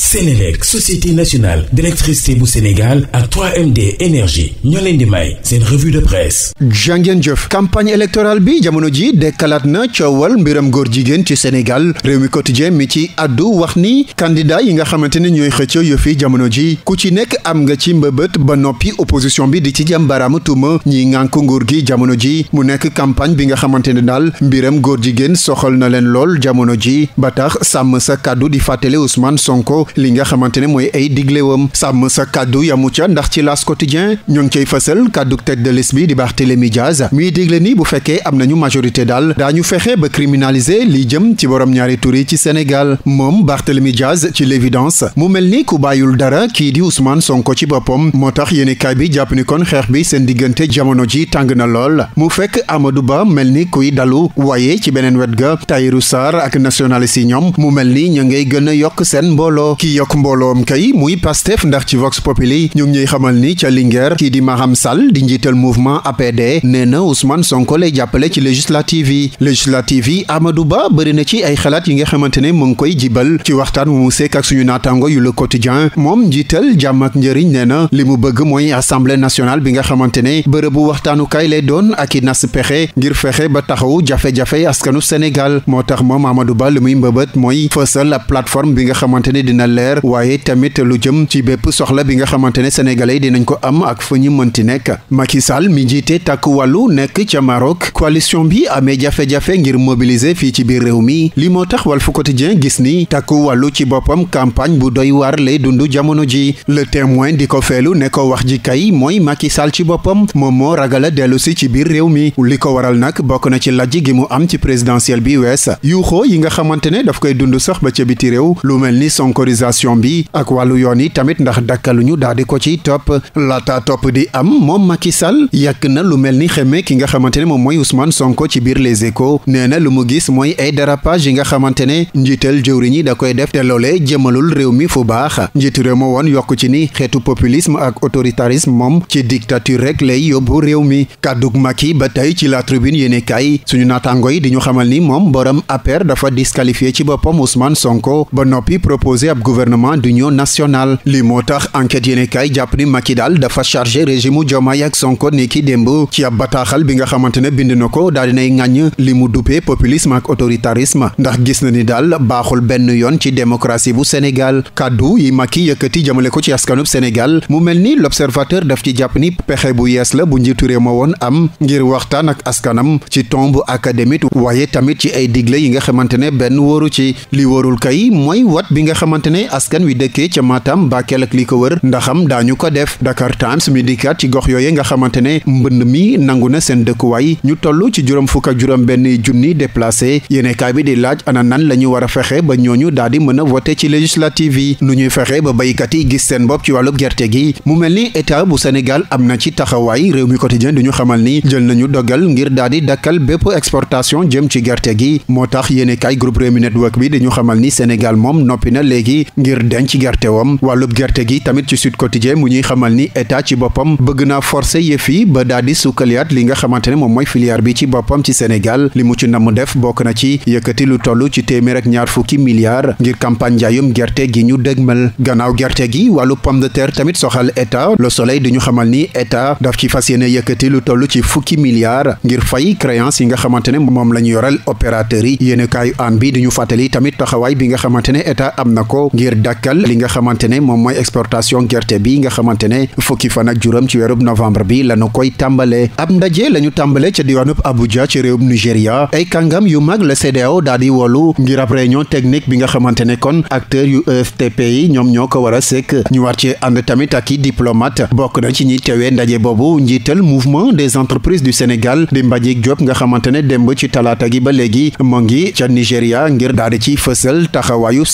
Sénélec société nationale d'électricité bu Sénégal ak 3 énergie ñoo leen di may seen de presse jàngeen jëf campagne électorale bi jamono ji dekkalaat na coowal mbiram góor jigéen ci Sénégal réew mi quotidien mi ci addu wax ni kandidaa yi nga xamante ne ñooy xëccoo yëf yi jamono ji ku ci nekk am nga ci mbëbët ba noppi opposition bi di ci jam baaraamu tuuma ñi ngànk nguur gi jamono ji mu nekk campagne bi nga xamante ne daal mbiram góor jigéen soxal na leen lool jamono ji ba tax sàmm sa kàddu di fàttale Ousmane Sonko li nga xamante ne mooy ay diglewam sàmm sa kàddu yamu ca ndax ci las quotidien ñoo ngi cay fësal kàddu tête bi di Barthélémy Diaz miy digle ni bu fekkee am nañu majorité daal daañu fexe ba criminaliser li jëm ci borom ñaari tur ci Sénégal moom Barthélémy Diaz ci l'évidence mu mel ni ku bàyyul dara kii di Ousmane Sonko ci boppam moo tax yéenekaay bi jàpp ni kon xeex bi seen diggante jamono ji tàng na lool mu fekk amadu Ba mel ni kuy dalu waaye ci beneen wet ga Tahirou Sarr ak nationaliste yi ñoom mu mel ni ñu ngay gën a yokk seen mbooloo ki yokk mbooloom kay muy pastef ndax ci vox populi ñu ngi ñuy xamal ni ca Linguère kii di Maham Sall di njiital mouvement APD nee na Ousmane Sonko lay jàppale ci législative yi législative yi Amadou Ba na ci ay xalaat yi nga xamante ne mu ngi koy jibal ci waxtaan mu mu sekk ak suñu naataango yu le quotidien moom njiital jàmm ak njariñ nee na li mu bëgg mooy assemblée national bi nga xamante ne bërëbu waxtaanukaay lay doon ak i nas pexe ngir fexe ba taxaw jafe-jafe askanu Sénégal moo dina leer waaye tamit lu jëm ci bépp soxla bi nga xamante ne sénégalais dinañ ko am ak fu ñu mënti nekk Macky Sall mi jiite takk wàllu nekk ca Maroc coalition bi amee jafe-jafe ngir mobiliser fii ci biir réew mi li moo tax fu Walf Quotidien gis ni takk wàllu ci boppam campagne bu doy war lay dund jamono ji le témoin di ko feelu ne ko wax ji kay mooy Macky Sall ci boppam moom moo ragala dellu si ci biir réew mi li ko waral nag bokk na ci lajj gi mu am ci présidentielle bi wees yuuxoo yi nga xamante ne daf koy dund sax ca biti réew autorisation bi ak yoon yi tamit ndax dakkaluñu daal di ko ciy topp laata am moom Macky Sall yàq na lu mel ni xeme ki nga xamante ne moom mooy Ousmane Sonko ci biir les échos nee na lu mu gis mooy ay dérapage yi nga xamante ne njiital jëwriñ yi da koy def te loolee jëmalul réew mi fu baax njiitu réew ma woon yokk ci ni xeetu populisme ak autoritarisme moom ci dictature rek lay yóbbu réew mi kàddug Macky ba tey ci la tribune yéene kaay suñu naataango yi di ñu xamal ni moom borom APR e dafa disqualifié ci boppam Ousmane Sonko ba noppi proposé ab gouvernement ñoo nationale li moo tax enquête yéenekaay jàpp ni Macky daal dafa chargé régime u Diomaye ak Sonko ni ki démb ci ab bataaxal bi nga xamante ne bind na ko daal dinay ŋàññ li mu duppee populisme ak autoritarisme ndax gis na ni daal baaxul benn yoon ci démocratie bu Sénégal kàddu yi Macky yëkkati jamale ko ci askanub Sénégal mu mel ni l'observateur daf ci jàpp ni pexe bu yees la bu njiitu réew ma woon am ngir waxtaan ak askanam ci tomb académique waaye tamit ci ay digle yi nga xamante ne benn waru ci li wóorul kay mooy xamante ne askan wi dëkkee ca maatam Bakel ak li ko wër ndaxam ñu ko def Dakar Times mi dikkaat ci gox yooye nga xamante ne mbënd mi nangu na seen dëkkuwaay ñu toll ci juróom fukk juróom benn junni déplacé yenekaay bi di laaj ana nan la ñu war a fexe ba ñooñu daal di mën a voté ci législative yi nu ñuy fexe ba baykat yi gis seen bopp ci wàllu gerte gi mu mel ni état bu Sénégal am na ci taxawaay réew mi quotidien di ñu xamal ni jël nañu dogal ngir daal di dakkal bépp exportation jëm ci gerte gi moo tax yéenekaay groupe Rewmi Network bi di xamal ni Sénégal moom noppi na léegi yi ngir denc gerte wam wàllub gerte gi tamit ci Sud Quotidien mu ñuy xamal ni état ci boppam bëgg naa forcer yëf ba daal sukkaliyaat li nga xamante ne moom mooy filière bi ci boppam ci Sénégal li mu ci namu def bokk na ci yëkkati ci téeméer ak ñaar fukki milliards ngir campagne njaayum gi ñu dégmal gannaaw gerte gi wàllu pomme de terre tamit soxal état Le Soleil di ni état daf ci fas yéene yëkkati lu toll ci fukki milliards ngir fay yi nga la ñu yoral opérateurs yi yéen aan bi di ñu fàttali tamit taxawaay bi nga xamante ne am na ko taxaw ngir dàkkal li nga xamante ne moom mooy exportation gerte bi nga xamante ne fukki fan ak juróom ci weerub novembre bi la ñu koy tàmbalee ab ndaje la tàmbale ca diwaanub Abuja ci réewub Nigéria ay kàngam yu mag la CEDEAO daal di wolu ngir ab réunion technique bi nga xamante ne kon acteur yu e p yi ñoom ñoo ko war a sekk ñu war ci ànd tamit ak i diplomate bokk na ci ñi tewee ndaje boobu njiital mouvement des entreprises du Sénégal di Mbagnick Diop nga xamante ne démb ci talaata gi ba léegi moo ngi ca Nigéria ngir daal di ci fësal taxawaayu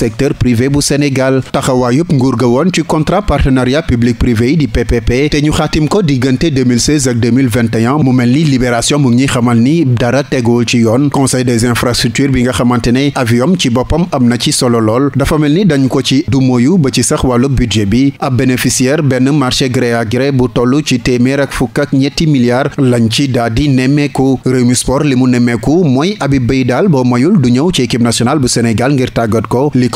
Sénégal taxawaayub nguur ga woon ci contrat partenariat public privé yi di PPP te ñu xaatim ko diggante 2016 ak 2021 mu mel ni libération mu ngi xamal ni dara teguwul ci yoon conseil des infrastructures bi nga xamante ne avion ci boppam am na ci solo lool dafa mel ni dañ ko ci du moyu ba ci sax wàllu budget bi ab bénéficiaire benn marché gré à gré bu tollu ci téeméer ak fukk ak ñetti milliards lañ ci daa di nemmeeku Rewmi Sport li mu nemmeeku mooy abi Beye daal boo moyul du ñëw ci équipe nationale bu Sénégal ngir tàggat ko li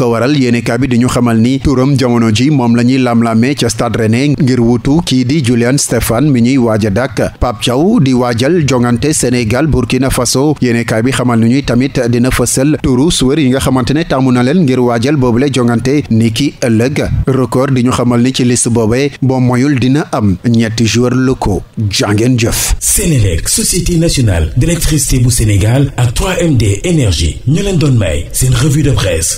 bi di ñu xamal ni turam jamono ji moom la ñuy lam-lamee ca stade rennais ngir wutu kii di Julien Stéphane mi ñuy waaj a dàkk Pape Thiaw di waajal jongante Sénégal Burkina Faso yéenekaay bi xamal ni ñuy tamit dina fësal turu suwër yi nga xamante ne tàmmu na leen ngir waajal boobu boobule jongante ni ki ëllëg record di ñu xamal ni ci liste boobee boo moyul dina am ñetti joueur locaux jàngeen jëf Sénélec société nationale d'électricité bu Sénégal ak 3MD énergie ñu leen doon may seen revue de presse